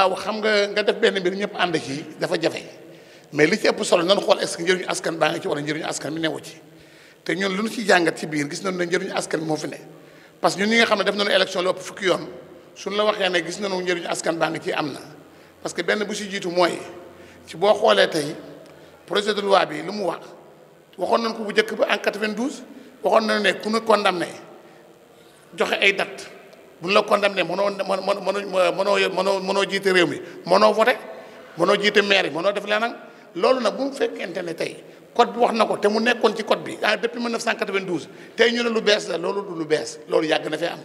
waaw xam nga nga def benn mbir ñëpp ànd ci dafa jafe mais li ci ëpp solo nan xool est-ce que njëriñu askan baa ngi ci wala njëriñu askan te ñun lu ñu ci jàngat ci biir gis nañu ne njëriñu askan moo fi ne parce que ñun ñi nga xam ne def nañu élection lu ëpp fukki yoon suñu la waxee ne gis nañu njëriñu askan baa ngi ci am na parce que benn bu si jiitu mooy ci boo xoolee tey projet de loi bi lu mu wax waxoon nañ ko bu njëkk ba en 92 waxoon nañu ne ku ñu condamné joxe ay dat bu ñu la condamné mënoo mënoo mënoo mënoo mënoo jiite réew mi mënoo voté mënoo jiite maire yi mënoo def leneen loolu nag bu mu fekkente ne tey code bi wax na ko te mu nekkoon ci code bi ah depuis 1992 tey ñu ne lu bees la loolu du lu bees loolu yàgg na fee am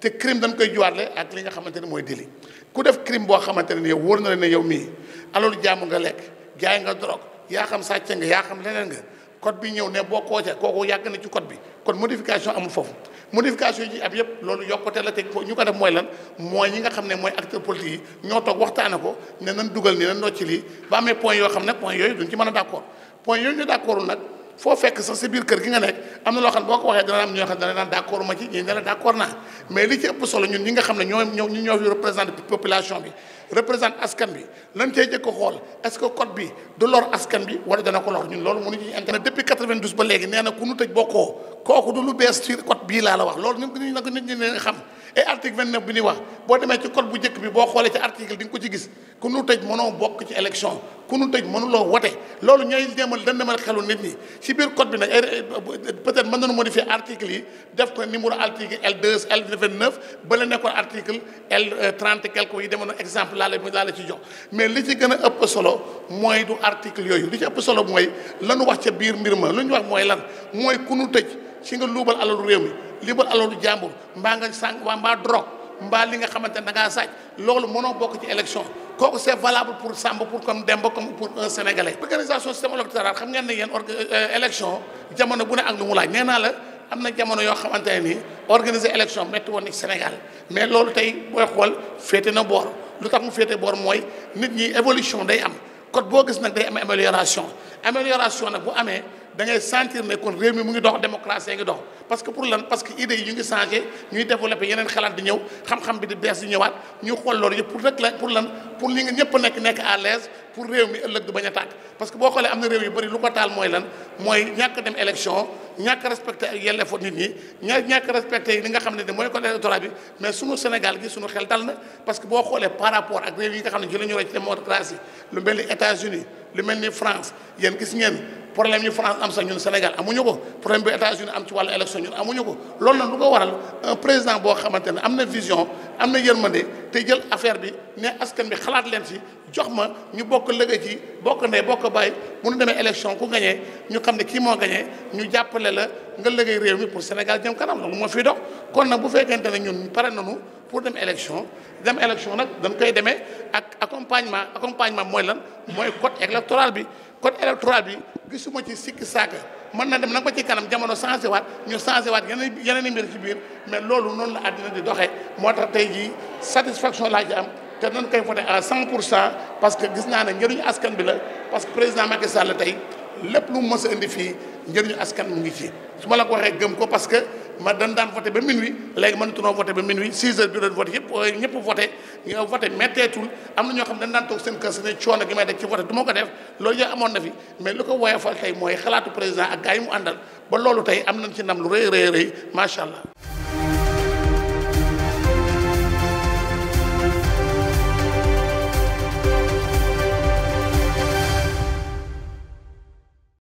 te crime dañ koy juwaatle ak li nga xamante ne mooy délit ku def crime boo xamante ne yow wóor na la ne yow mii alalu jàmm nga lekk jaay nga drogue yaa xam sàcc nga yaa xam leneen nga. code bi ñëw ne boo koo ca kooku yàgg na ci code bi kon modification amul foofu modification yi ci am yëpp loolu yokkute la te ñu ko def mooy lan mooy ñi nga xam ne mooy acteur politique yi ñoo toog waxtaane ko ne nan dugal ni nan nocci lii ba amee point yoo xam ne point yooyu duñ ci mën a d'accord point yooyu ñu d'accordul nag foo fekk sax si biir kër gi nga nekk am na loo xam boo ko waxee dana am ñoo xam ne dana naan d'accord ma ci ñii ne la d'accord ñi nga xam ne ñoo ñoo fi représenté population bi représente askan bi lan cey jëkk xool est-ce que code bi du lor askan bi wala dana ko lor ñun loolu mënuñu ñu intérêt depuis 92 ba léegi nee na bii laa la wax loolu ñun ñu na ko nit ñi leen xam bi ñuy wax boo demee ci code bu njëkk bi boo xoolee ci article di ko ci gis ku nu tëj mënoo bokk ci élection ku tëj mënuloo wote loolu ñooy demal dan xelu nit ñi ci biir code bi nag ay peut-être mën nañu modifier article yi def ko numéro article L 2 L 29 ba la nekkoon article L 30 quelque yi demoon exemple laa la laa la ci jox mais li ci gën a ëpp solo mooy du article yooyu li ci ëpp solo mooy lanu wax ca biir mbir ma lu ñu wax mooy lan mooy ku nu tëj si nga luubal alalu réew mi luubal alalu jàmbur mbaa nga sànq waa mbaa drogue mba li nga xamantene da nga sàcc lolu mënoo bokk ci élection kooku c'est valable pour Samba pour comme Demba comme pour un sénégalais. organisation système électoral xam ngeen ne yéen or euh, élection jamono bu ne ak lu mu laaj nee naa la am na jamono yoo xamante ne organiser élection metti won ni Sénégal mais lolu tay boy xol fété na bor lutax mu fété bor moy nit ñi évolution day am code bo gis nak day am amélioration amélioration nak bu amé da ngay sentir ne kon réew mi mu ngi dox démocratie ngi dox parce que pour lan parce que idée yi ngi changé ñuy développer yeneen xalaat di ñëw xam-xam bi di bees di ñëwaat ñu xol loolu yëpp pour rek la pour lan pour li nga ñëpp nekk nekk à l'aise pour réew mi ëllëg du bañ a parce que boo xoolee am na réew yu bëri lu ko taal mooy lan mooy ñàkk dem élection ñàkk respecté ak yelleefu nit ñi ña ñàkk respecté li nga xam ne de mooy code électoral bi mais sunu Sénégal gi sunu xel dal na parce que boo xoolee par rapport ak réew yi nga xam ne jëlee ñu rek ci lu mel ni États-Unis Le mel France yéen gis ngeen problème France am Sénégal amuñu ko problème États-Unis am ci wàllu élection amuñu ko un président boo xamante vision am na te jël affaire bi ne askan bi xalaat leen ci jox ñu bokk élection ñu nga liggéey réew mi pour Sénégal jëm kanam loolu moo fiy dox kon nag bu fekkente ne ñun pare nañu pour dem élection dem élection nag dañ koy demee ak accompagnement accompagnement mooy lan mooy code électoral bi code électoral bi gisuma ci sikki saaka mën na dem nag ba ci kanam jamono changé waat ñu changé waat yeneen yeneen i mbir ci biir mais loolu noonu la àddina di doxee moo tax tey jii satisfaction laa am te dañ koy voté à cent pour cent parce que gis naa ne njëriñu askan bi la parce que président Macky tey lépp lu mu mës a indi fii njëriñu askan mu ngi ci su ma la ko waxee gëm ko parce que ma dan daan voté ba minuit léegi mënatunoo voté ba minuit 6 heures bureau de vote yëpp euh, ñëpp voté nga voté metteetul am na ñoo xam ne dañ daan toog seen kër si ne coono gi may def ci voté du ma ko def loolu yëpp amoon na fi mais lu ko woyofal tey mooy xalaatu président ak gars yi mu àndal ba loolu tey am nañ ci ndam lu rëy rëy rëy macha allah.